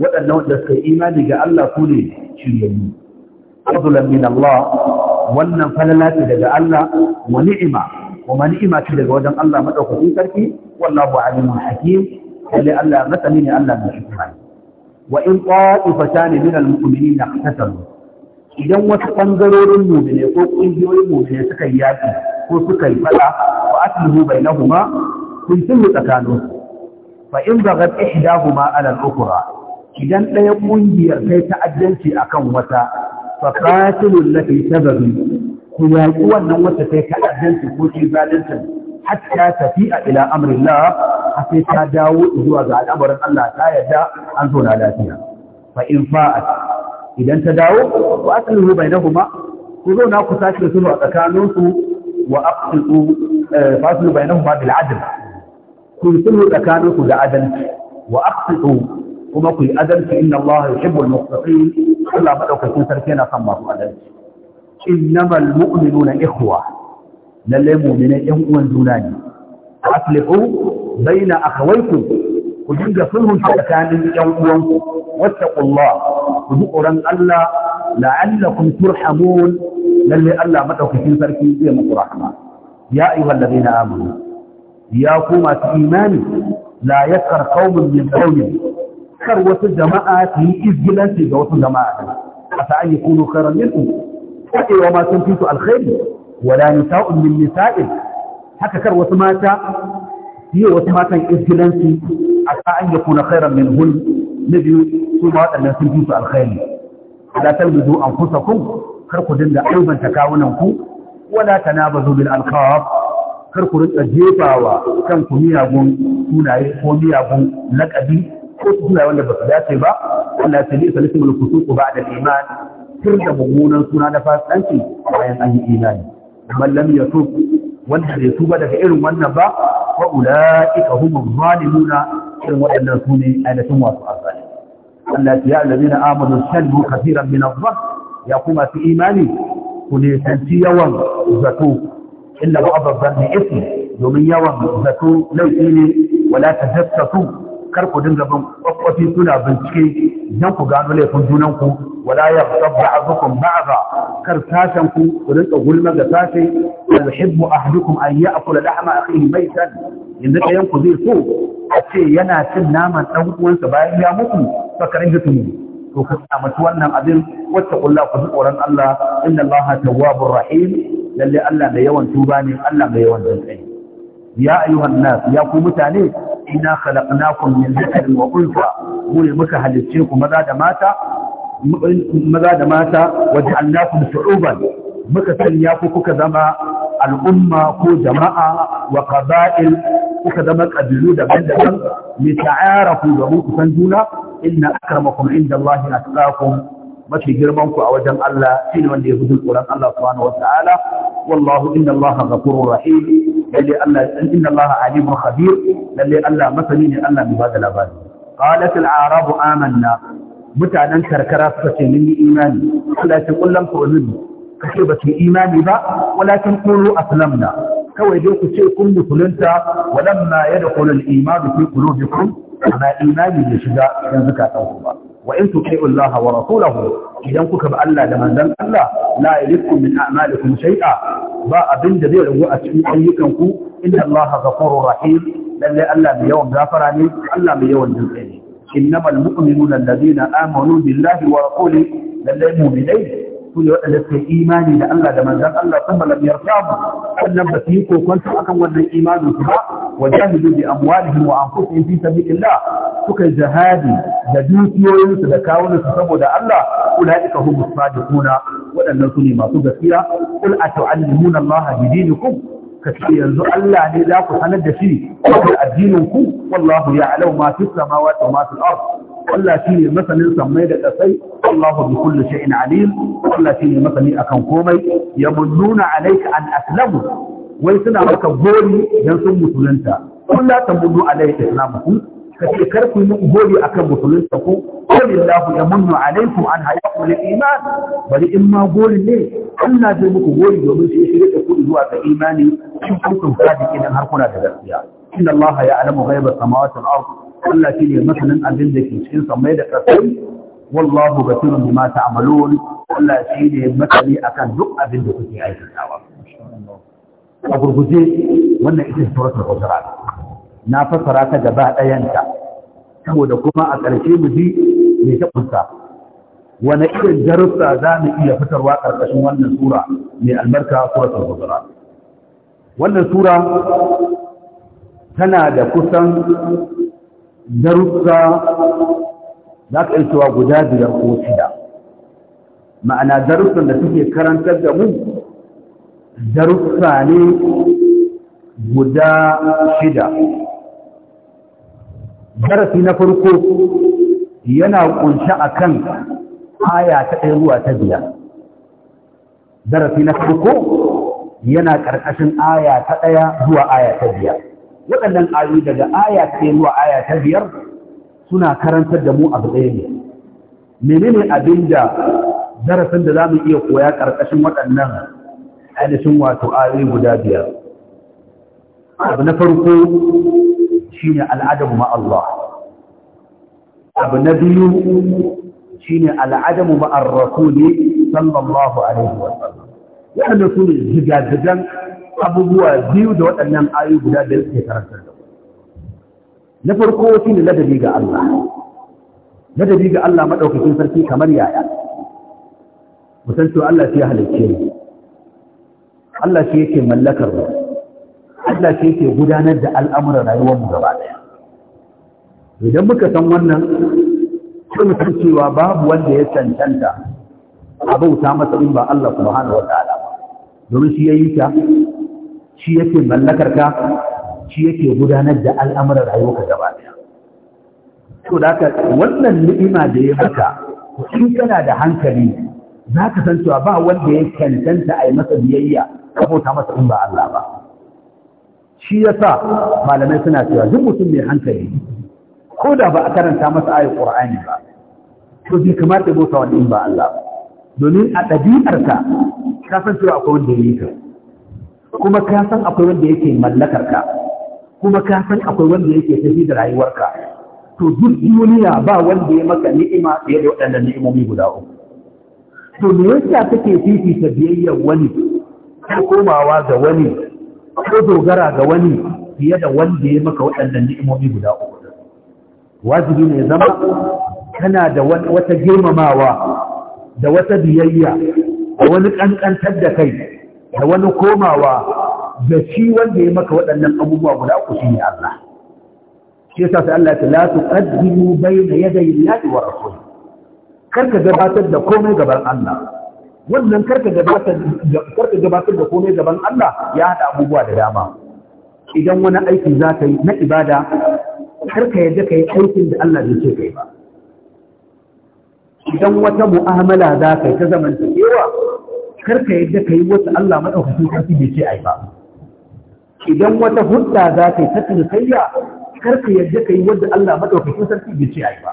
wadannan wanda suka imani ga Allah su ne shiryayyu fadlan min Allah wannan falala daga Allah wa ni'ima kuma ni'ima ce daga wajen Allah madaukakin sarki wallahu alimun hakim sai Allah masani ne Allah mai hikima wa in ne min al-mu'minin iqtatalu idan wasu ɓangarorin mu'mine ko ƙungiyoyin mu'mine suka yi yaki ko suka yi fada wa aslihu bainahuma kun sulhu tsakaninsu fa in bagat da huma alal ukura. idan ɗaya ƙungiyar kai ta'addanci a kan wata faƙatilun lafi sababi ku yaƙi wannan wata kai ta'addanci ko shi hatta a ila amrillah sai ta dawo zuwa ga al'amarin Allah ta yadda an zo na lafiya fa in fa'at idan ta dawo wa aslihu bainahuma ku zo na ku sashi sulhu a tsakaninku wa aqsitu eh, faslu bainahuma bil adl ku sulhu tsakaninku da adalci wa aqsitu kuma ku yi adalci inna Allah yuhibbul muqsitin Allah madaukakin sarki yana son masu adalci innamal mu'minuna ikhwah lallai mu'minai ɗan uwan juna ne aslihu baina akhawaykum ku dinga sulhun tsakanin ɗan uwanku wattaqullah ku bi tsoron Allah la'allakum turhamun lalle Allah madaukakin sarki zai muku rahama ya ayyuhal ladina amanu ya ku masu imani la yaskar qaumun min qaumin kar wasu jama'a su yi izgilanci ga wasu jama'a asa an yin khairan minkum wa ma sun fi alkhairi wala nisa'un min nisa'in haka kar wasu mata yi wasu matan irgilansu a sa'an ya kuna khairan min hul na biyu su ma waɗannan sun fi su alkhairi ala zo an kusa ku? kar ku dinga aibanta kawunan ku wala tanabazu bil alqab kar ku rinka jefawa ku miyagun sunaye ko miyagun lakabi ko sunaye wanda ba su dace ba Allah ya tabi salisul kusuku ba'da da iman tirda mummunan suna na fasikanci bayan an yi imani Mallam lam yatub wanda bai tuba daga irin wannan ba wa ulaika humuz zalimuna irin waɗannan su ne ainihin wasu azali Allah ya allazina amanu sallu kathiran min adh ya kuma fi imani ku ne yawan zato illa a babban dhanni ism domin yawan zato laifi ne wala tadassasu kar ku dinga ban kwakwafi suna bincike dan ku gano laifin junanku wala yaqtab ba'dukum ba'dha kar sashen ku rinka gulma ga sashe wal hibbu ahdukum a ya'kula lahma a maitan yanzu ɗayan ku zai so a ce yana cin naman ɗan uwansa bayan ya mutu fa karin to ku tsamaki wannan abin wacce kulla ku ji tsoron Allah inna Allah tawwabur rahim lalle Allah mai yawan tuba ne Allah mai yawan jinkai ya ayyuhan nas ya ku mutane inna khalaqnakum min dhakarin wa unsa mu ne muka halicce ku maza da mata maza da mata wajen annakun shu'uban muka sanya ku kuka zama al'umma ko jama'a wa ƙaba'il kuka zama ƙabilu daban-daban mai ta'ara ku domin ku san juna inna akramakum inda Allah ya tsakakun mafi girman ku a wajen Allah shine wanda ya fi tsoron Allah subhanahu wata'ala wallahu inna Allah ghafurur rahim lalle Allah inna Allah alimun khabir lalle Allah masani ne Allah mai da labari qalat al-a'rabu mutanen karkara suka ce mun yi imani Allah ce kullum ku kace ba su imani ba walakin qulu aslamna kawai dai ku ce kun musulunta walamma yadkhulu al-iman fi qulubikum ana imani da shiga yanzu suka tsawo ba wa in tuqiu Allah wa rasulahu idan kuka ba Allah da manzon Allah la yalikum min a'malikum shay'a ba abin da zai ragu a cikin ayyukanku inna Allah ghafurur rahim lalle Allah mai yawan gafara ne Allah mai yawan jinkai ne innamal mu'minuna alladhina amanu billahi wa rasuli lallai mu'minai su ne waɗanda suka imani da Allah da manzan Allah sun malam yartabu wannan ba su yi akan wannan imanin su ba wa jahidu bi amwalihim wa anfusihim fi sabilillah suka jihadi da dukiyoyinsu da kawunan su saboda Allah ulaika humus sadiquna waɗannan su ne masu gaskiya qul atu'allimuna Allah bi dinikum ka ce yanzu Allah ne za ku sanar da shi wanda addinin ku wallahu ya'lamu ma fi samawati wa ma fil ard Allah shi ne masanin sammai da kasai wallahu bi kulli shay'in alim Allah shi ne masani akan komai yamunnuna alayka an aslamu wai suna maka gori dan sun musulunta kun la tamuddu alayka islamukum ka ce kar ku yi gori akan musulunta ku qul illahu yamunnu alaykum an hayakum lil iman bari in ma gori ne Allah zai muku gori domin sai shi kuɗi kudu zuwa ga imani shin kun kun fadi idan har kuna da gaskiya inna Allah ya alamu ghaiba samawati wal ard Allah shi ne masanin abin da ke cikin samai da ƙasai wallahu basirun bima ta'malun Allah shi ne masani akan duk abin da kuke aikatawa a gurguje wannan ita suratul hujurat na fassara ta gaba ɗayanta saboda kuma a ƙarshe mu ji me ta kunsa wani irin darussa za mu iya fitarwa ƙarƙashin wannan sura mai albarka suratul hujurat wannan sura tana da kusan darussa za ka cewa guda biyar ko shida ma'ana darussan da suke karantar da mu darussa ne guda shida darasi na farko yana a akan aya ta ɗaya zuwa ta biyar darasi na farko yana ƙarƙashin aya ta ɗaya zuwa aya ta biyar waɗannan ayoyi daga aya ta zuwa aya ta biyar suna karantar da mu abu ɗaya ne menene abin da darasin da zamu iya koya ƙarƙashin waɗannan ainihin wato ayoyi guda biyar abu na farko shine al'adabu ma'allah abu na biyu shine al'adamu ma'ar rasuli sallallahu alaihi wa sallam waɗanda su ne zigazigan abubuwa biyu da waɗannan ayu guda da suke karantar da na farko shi ne ladabi ga Allah ladabi ga Allah maɗaukakin sarki kamar yaya musan to Allah shi ya halicce ni. Allah shi yake mallakar mu Allah shi yake gudanar da al'amuran rayuwar mu gaba ɗaya idan muka san wannan fahimtar cewa babu wanda ya cancanta a bauta masa in ba Allah subhanahu wataala ba domin shi yayi ta shi yake mallakar ka shi yake gudanar da al'amuran rayuwarka gaba daya to da haka wannan ni'ima da ya maka in kana da hankali za ka san cewa ba wanda ya cancanta a yi masa biyayya ka bauta masa in ba Allah ba shi yasa malamai suna cewa duk mutum mai hankali ko da ba a karanta masa ayat Qur'ani ba to bai kamata bauta wani in ba Allah domin a ɗabi'arka ka san cewa akwai wanda ya yi ka kuma ka san akwai wanda yake mallakarka kuma ka san akwai wanda yake tafi da rayuwarka to duk duniya ba wanda ya maka ni'ima fiye da waɗannan ni'imomi guda uku to me yasa kake fifita biyayyar wani ko komawa ga wani ko dogara ga wani fiye da wanda ya maka waɗannan ni'imomi guda uku wajibi ne zama kana da wata girmamawa da wata biyayya da wani ƙanƙantar da kai da wani komawa da shi wanda ya maka waɗannan abubuwa guda uku shi ne Allah shi yasa sai Allah ya ce, la tuqaddimu bayna yaday Allahi wa rasuli karka gabatar da komai gaban Allah wannan karka gabatar da karka gabatar da komai gaban Allah ya hada abubuwa da dama idan wani aiki za ka yi na ibada karka yadda ka yi aikin da Allah bai ce ka yi ba idan wata mu'amala za ka yi ta zamantakewa karka yadda ka yi wata Allah maɗaukacin ƙarfi bai ce ai ba idan wata hudda za ka yi ta cinikayya karka yadda ka yi wata Allah maɗaukacin sarki bai ce ai ba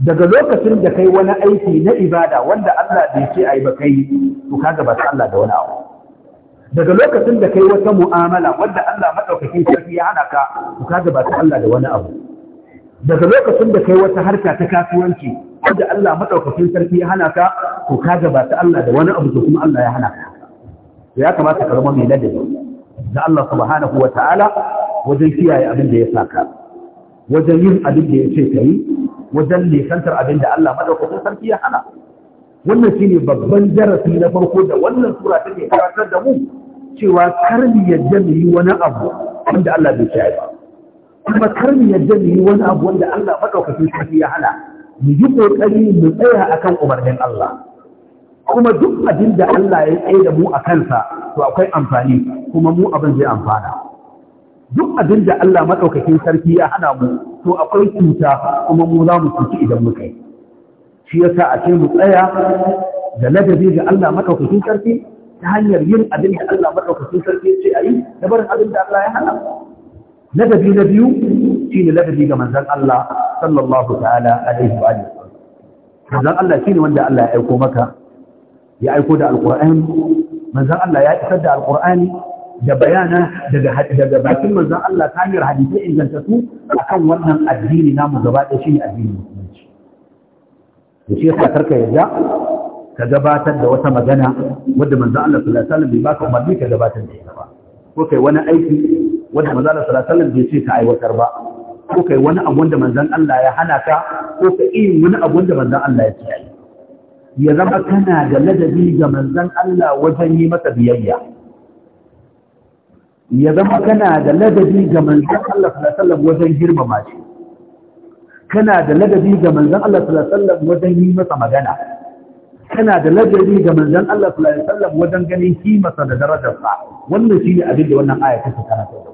daga lokacin da kai wani aiki na ibada wanda Allah bai ce ai ba kai to kaga ba Allah da wani abu daga lokacin da kai wata mu'amala wanda Allah maɗaukacin sarki ya hana ka to kaga ba Allah da wani abu daga lokacin da kai wata harka ta kasuwanci ko da Allah madaukakin sarki ya hana ka to ka gabata Allah da wani abu da kuma Allah ya hana ka ya kamata ka zama mai ladabi da Allah subhanahu wa ta'ala wajen kiyaye abin da ya saka wajen yin abin da ya ce ka yi wajen nisantar abin da Allah madaukakin sarki ya hana wannan shine babban darasi na farko da wannan sura take karantar da mu cewa kar mu yadda mu yi wani abu wanda Allah bai kiyaye ba kuma kar mu yadda mu yi wani abu wanda Allah madaukakin sarki ya hana mu yi kokari mu tsaya akan umarnin Allah kuma duk abin da Allah ya tsaye da mu a kansa to akwai amfani kuma mu abin zai amfana duk abin da Allah maɗaukakin sarki ya hana mu to akwai cuta kuma mu za mu cuci idan mu kai. shi yasa a ce mu tsaya da ladabi ga Allah maɗaukakin sarki ta hanyar yin abin da Allah maɗaukakin sarki ya ce a yi da barin abin da Allah ya hana ladabi na biyu shi ne ladabi ga manzan Allah sallallahu ta'ala alaihi wa alihi Manzan Allah shi ne wanda Allah ya aiko maka ya aiko da alqur'ani Manzan Allah ya isar da alqur'ani da bayana daga daga bakin manzan Allah ta hanyar hadisi ingantattu akan wannan addini namu gaba ɗaya shine addini musulunci da shi yasa karka yarda ka gabatar da wata magana wadda manzan Allah sallallahu alaihi wasallam bai baka umarni ka gabatar da ita ba ko kai wani aiki wanda manzo Allah sallallahu alaihi wasallam bai ce ka aiwatar ba ko kai wani abu wanda manzon Allah ya hana ka ko ka yi wani abu wanda manzon Allah ya ce ya zama kana da ladabi ga manzon Allah wajen yi masa biyayya ya zama kana da ladabi ga manzon Allah sallallahu wajen girmama shi kana da ladabi ga manzon Allah sallallahu wajen yi masa magana kana da ladabi ga manzon Allah sallallahu alaihi wasallam wajen ganin kimarsa da darajarsa wannan shine abin da wannan aya take karanta da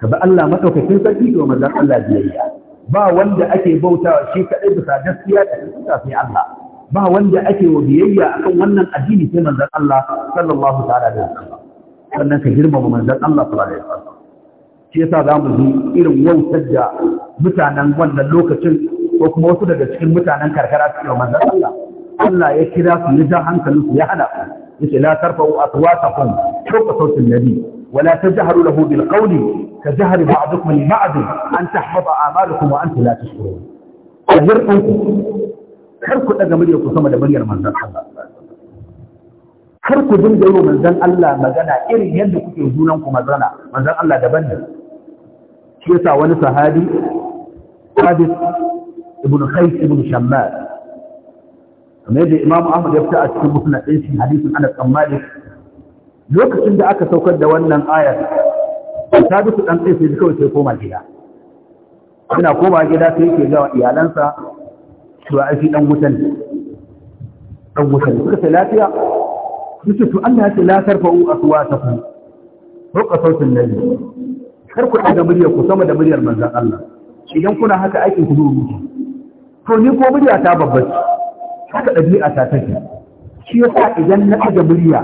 ka bi Allah madaukakin sarki da mazan Allah biyayya ba wanda ake bautawa shi kaɗai bisa gaskiya da kuka sai Allah ba wanda ake wa biyayya akan wannan addini sai manzon Allah sallallahu ta'ala alaihi wasallam sannan ka girmama manzon Allah sallallahu alaihi wasallam shi yasa za mu ji irin wautar da mutanen wannan lokacin ko kuma wasu daga cikin mutanen karkara su yi manzon Allah Allah ya kira su ya ja hankalin su ya hada su yace la tarfa'u aswatakum fawqa sawti nabi ولا تجهروا له بالقول كجهر بعضكم لبعض أن تحبط أعمالكم وأنتم لا تشعرون أجر أنكم كركوا أجا مريكم سمد مريم من ذنب karku dinga yi wa manzan Allah magana irin yadda kuke junan ku magana manzan Allah daban ne shi yasa wani sahabi Sabit ibn Khayf ibn Shammal kamar yadda Imam Ahmad ya fita a cikin musnad ɗin shi hadisin Anas bin Malik lokacin da aka saukar da wannan ayar ta duku ɗan tsaye sai kawai sai koma gida suna koma gida sai yake gawa iyalansa su a shi ɗan wutan ɗan wutan suka ce lafiya suke to Allah ya ce la tarfa'u aswatakum fawqa sautin nabi kar ku daga muryar ku sama da muryar manzon Allah idan kuna haka aikin ku zuwa mutu to ni ko murya ta babbace haka ɗabi'a ta take shi yasa idan na ɗaga murya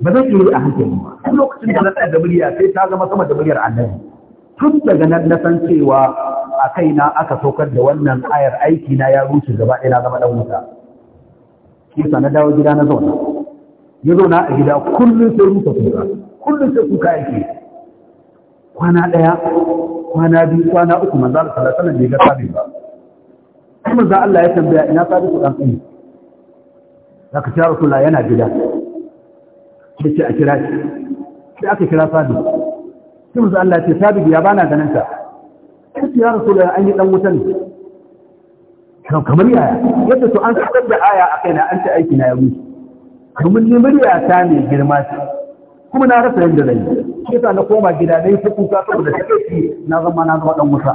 ba zan iya yi a hankali ba duk lokacin da na tsaya da murya sai ta zama sama da muryar annabi tun daga nan na san cewa a kaina aka saukar da wannan ayar aiki na ya rushe gaba ɗaya na zama ɗan wuta kisa na dawo gida na zauna ya zauna a gida kullum sai rusa kuka kullum sai kuka yake kwana ɗaya kwana biyu kwana uku manzo Allah sallallahu alaihi wasallam bai ga sabi ba kuma za Allah ya tambaya ina sabi ku dan kai zaka ta rasulullah yana gida da ce a kira shi sai aka kira sabi sai musu Allah ce sabi ya bana ganin ka sai ya rasu da an yi dan wutan kamar yaya yadda to an sakar da aya a kaina an ta aiki na ya wuce domin ni murya ta ne girma ce kuma na rasa yadda zai yi sai na koma gida dai ta kuka saboda ta kai na zama na zama dan wuta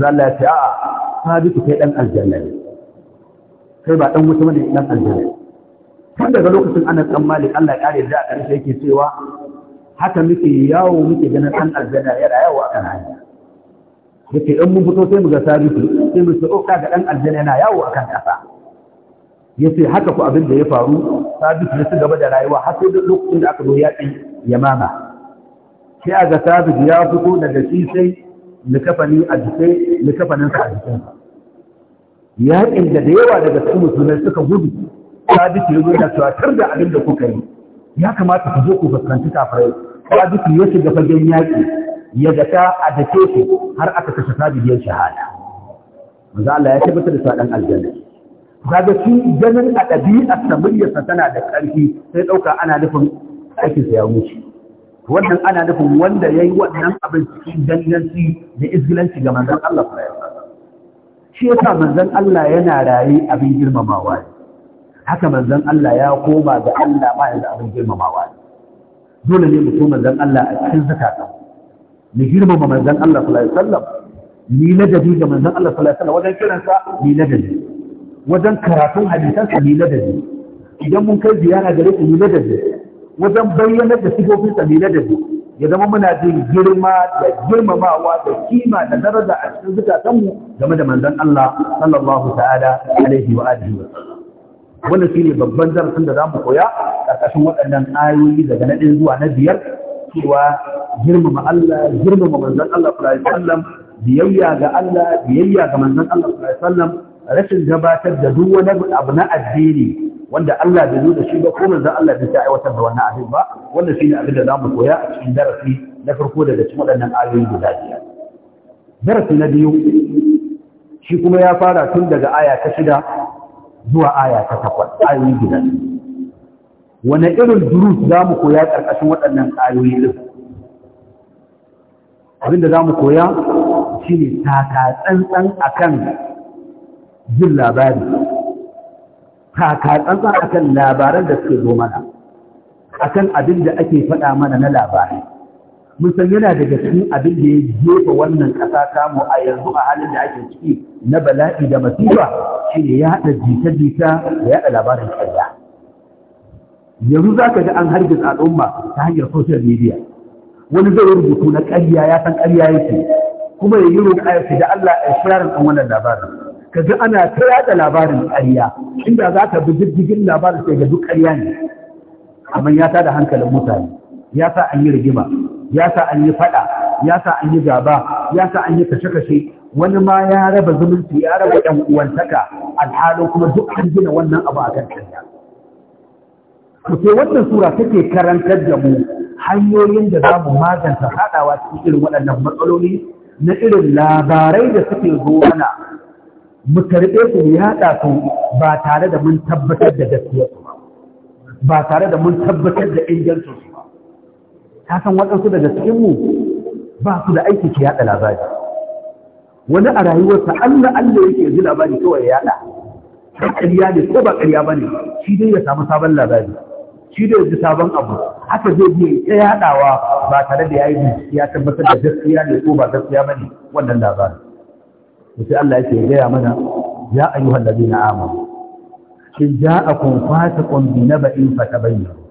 zalla ya ce a'a ku kai dan aljanna kai ba dan wuta bane dan aljanna kan daga lokacin ana tsammalin Allah ya kare da a ƙarshe yake cewa haka muke yawo muke ganin an aljanna ya yawo a kan hanya yake in mun fito sai mu ga tarihi sai mu ce oka oh, ga dan aljanna yana yawo a kan ƙasa yace haka ku abin da ya faru sabitu ya ci gaba da rayuwa har sai lokacin da aka zo yaƙin yamama sai a ga sabitu ya fito daga shi sai likafani a jikin sa a jikinsa yaƙin da da yawa daga cikin musulmai suka gudu sabitu ya zo da tuwatar da abin da kuka yi ya kamata ku zo ku fuskanci kafirai sabitu ya shiga fagen yaƙi ya gata a dake ku har aka kashe sabibiyar shahada manzo Allah ya tabbata da ɗan aljanna kaga shi ganin a ɗabi'ar samiyyarsa tana da ƙarfi sai ɗauka ana nufin aikinsa ya wuce wannan ana nufin wanda ya yi wannan abin cikin danganci da izgilanci ga manzan Allah shi yasa manzon Allah yana raye abin girmamawa ne. haka manzon Allah ya koma ga Allah ba yanzu abin girmamawa ne dole ne mu so manzon Allah a cikin zakatan mu girmama manzon Allah sallallahu alaihi wasallam ni ladabi ga manzon Allah sallallahu alaihi wasallam wajen kiransa ni ladabi wajen karatun hadisansa ni ladabi idan mun kai ziyara gare shi ni ladabi wajen bayyana da sifofinsa ni ladabi ya zama muna jin girma da girmamawa da kima da daraja a cikin zukatanmu game da manzon Allah sallallahu ta'ala alaihi wa alihi wa sallam wannan shine babban darasin da za mu koya ƙarƙashin waɗannan ayoyi daga na ɗaya zuwa na biyar cewa girmama Allah girmama manzon Allah sallallahu alaihi wasallam biyayya ga Allah biyayya ga manzon Allah sallallahu alaihi wasallam rashin gabatar da duk wani abu na addini wanda Allah bai zo da shi ba ko manzon Allah bai aiwatar da wannan abin ba wannan shine abin da za mu koya a cikin darasi na farko daga cikin waɗannan ayoyi guda biyar darasi na biyu shi kuma ya fara tun daga aya ta shida zuwa aya ta takwas ayoyi guda Wani irin durus za mu koya ƙarƙashin waɗannan ayoyi ɗin abinda za mu koya shi ne taka tsantsan a kan jin labari taka tsantsan a kan labaran da suke zo mana a kan abin da ake faɗa mana na labarai mun san yana daga cikin abin da ya jefa wannan ƙasa kamu a yanzu a halin da ake ciki na bala'i da masifa shine ya haɗa jita-jita da yaɗa labarin ƙarya yanzu za ka ga an harbin al'umma ta hanyar social media wani zai rubutu na ƙarya ya san ƙarya yake kuma ya yi rubutu da Allah a sharin ɗan wannan labarin ka ga ana ta labarin ƙarya inda za ka bi jirgin labarin sai ga duk ƙarya ne amma ya tada hankalin mutane ya sa an yi rigima ya sa an yi faɗa ya sa an yi gaba ya sa an yi kashe-kashe wani ma ya raba zumunci ya raba ɗan uwantaka alhalin kuma duk an gina wannan abu a kan kanya to sai wannan sura take karantar da mu hanyoyin da za mu maganta haɗawa cikin irin waɗannan matsaloli na irin labarai da suke zo mana mu karɓe su mu yaɗa su ba tare da mun tabbatar da gaskiyarsu ba tare da mun tabbatar da ingancinsu ta san waɗansu daga cikinmu ba su da aiki ke yaɗa labari wani a rayuwarsa allah allah yake ji labari kawai ya yaɗa ta ƙarya ne ko ba ƙarya ba ne shi dai ya samu sabon labari shi dai ya ji sabon abu haka zai je ta yaɗawa ba tare da ya yi bincike ya tabbatar da gaskiya ne ko ba gaskiya ba ne wannan labari sai allah yake gaya mana ya ayyuhan ladina amanu in ja'akum fasiqun bi naba'in bayyana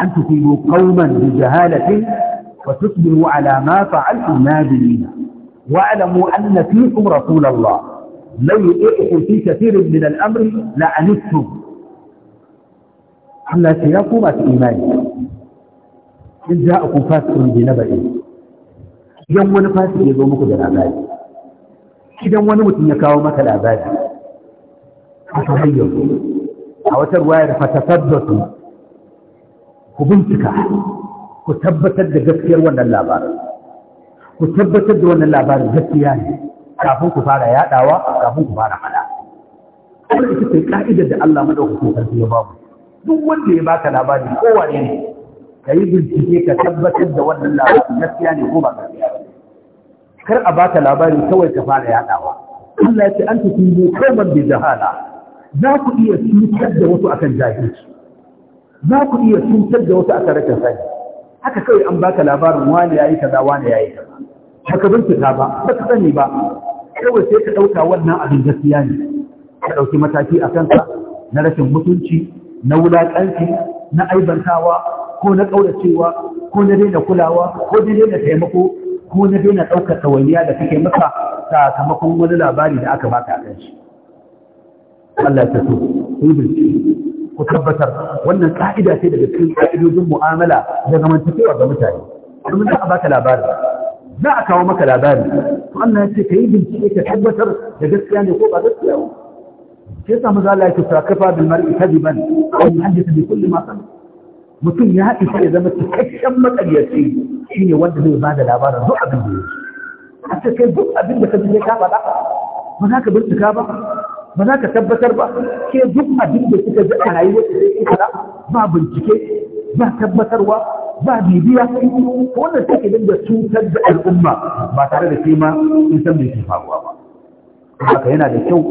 أن تثيبوا قوما بجهالة وتصبروا على ما فعلتم نادرين واعلموا أن فيكم رسول الله لو يئتوا في كثير من الأمر لأنستم على سيقومة إيمانكم إن جاءكم فاسق بنبأ يوم فاسق يضمك بالعباد إذا ونمت يكاومة العباد فتهيئوا أو تروايا فتثبتوا ku bincika ku tabbatar da gaskiyar wannan labarin ku tabbatar da wannan labarin gaskiya ne kafin ku fara yadawa kafin ku fara fada Kuma ita ce ka'idar da Allah madaukakin sarki ya babu duk wanda ya baka labari kowa ne ka yi bincike ka tabbatar da wannan labarin gaskiya ne ko ba gaskiya ba kar a baka labari kawai ka fara yadawa Allah ya ce an tafi mu kauman bi jahala za ku iya cutar da wasu akan jahilci za ku iya cutar da wasu a rashin sani haka kawai an baka labarin wani yayi kaza wani yayi kaza haka bincika ba ba ka sani ba kawai sai ka ɗauka wannan abin gaskiya ne ka ɗauki mataki a kansa na rashin mutunci na wulaƙanci na aibantawa ko na ƙauracewa ko na daina kulawa ko na daina taimako ko na daina ɗaukar tawaliya da kake maka sakamakon wani labari da aka baka a kan Allah ya taso, ku bincike ku tabbatar wannan ka'ida ce daga cikin ka'idojin mu'amala da zamantakewa ga mutane domin za a baka labari za a kawo maka labari to Allah ya ce ka yi bincike ka tabbatar da gaskiya ne ko ba gaskiya ba shi yasa maza Allah ya ce kafa bil mar'i kadiban wa yuhaddithu bi kulli ma qala mutum ya shi ya zama cikakken makaryaci shine wanda zai bada labarin zuwa abin da yake a cikin duk abin da ka ji ka faɗa ba za ka bincika ba ba za ka tabbatar ba ke duk abin da suka ji a rayuwar da ba bincike ba tabbatarwa ba bibiya Ko wannan take dinga cutar da al'umma ba tare da kai ma in san me ke faruwa ba haka yana da kyau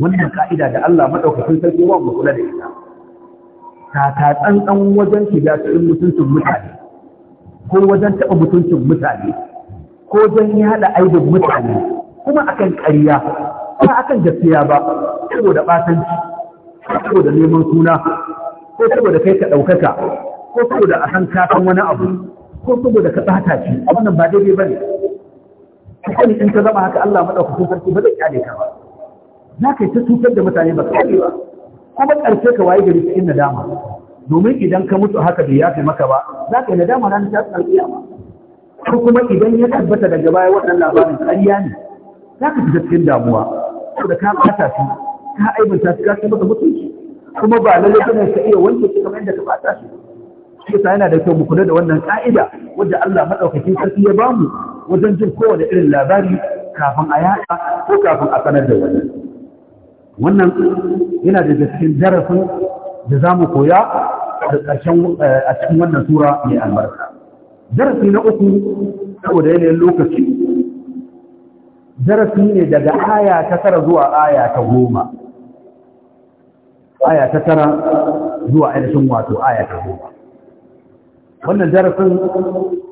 wannan ka'ida da Allah madaukakin sarki wa mu kula da ita ta ta tsantsan wajen shiga cikin mutuncin mutane ko wajen taɓa mutuncin mutane ko wajen yada aibin mutane kuma akan ƙarya ba a kan gaskiya ba saboda ɓatanci, saboda neman suna ko saboda kai ka ɗaukaka ko saboda a san kafin wani abu ko saboda ka tsata a wannan ba daidai bane ne in ka zama haka Allah madaukakin sarki ba zai kyale ka ba za ka yi ta cutar da mutane ba ka ba kuma ƙarshe ka waye gari cikin nadama domin idan ka mutu haka bai yafe maka ba za ka yi nadama ranar ta tsarkiya ba ko kuma idan ya tabbata daga baya wannan labarin ƙarya ne za ka fita cikin damuwa saboda ka bata su ka aibanta su ka san maka mutunci kuma ba lalle kana ka iya wanke su kamar yadda ka bata su shi yana da kyau mu kula da wannan ka'ida wanda Allah madaukakin sarki ya bamu wajen jin kowane irin labari kafin a yaɗa ko kafin a sanar da wani wannan yana da cikin darasin da za mu koya a eh, cikin wannan tura mai albarka darasi na uku saboda yanayin lokaci darasi ne daga aya ta tara zuwa aya ta goma aya ta tara zuwa ainihin wato aya ta goma wannan darasin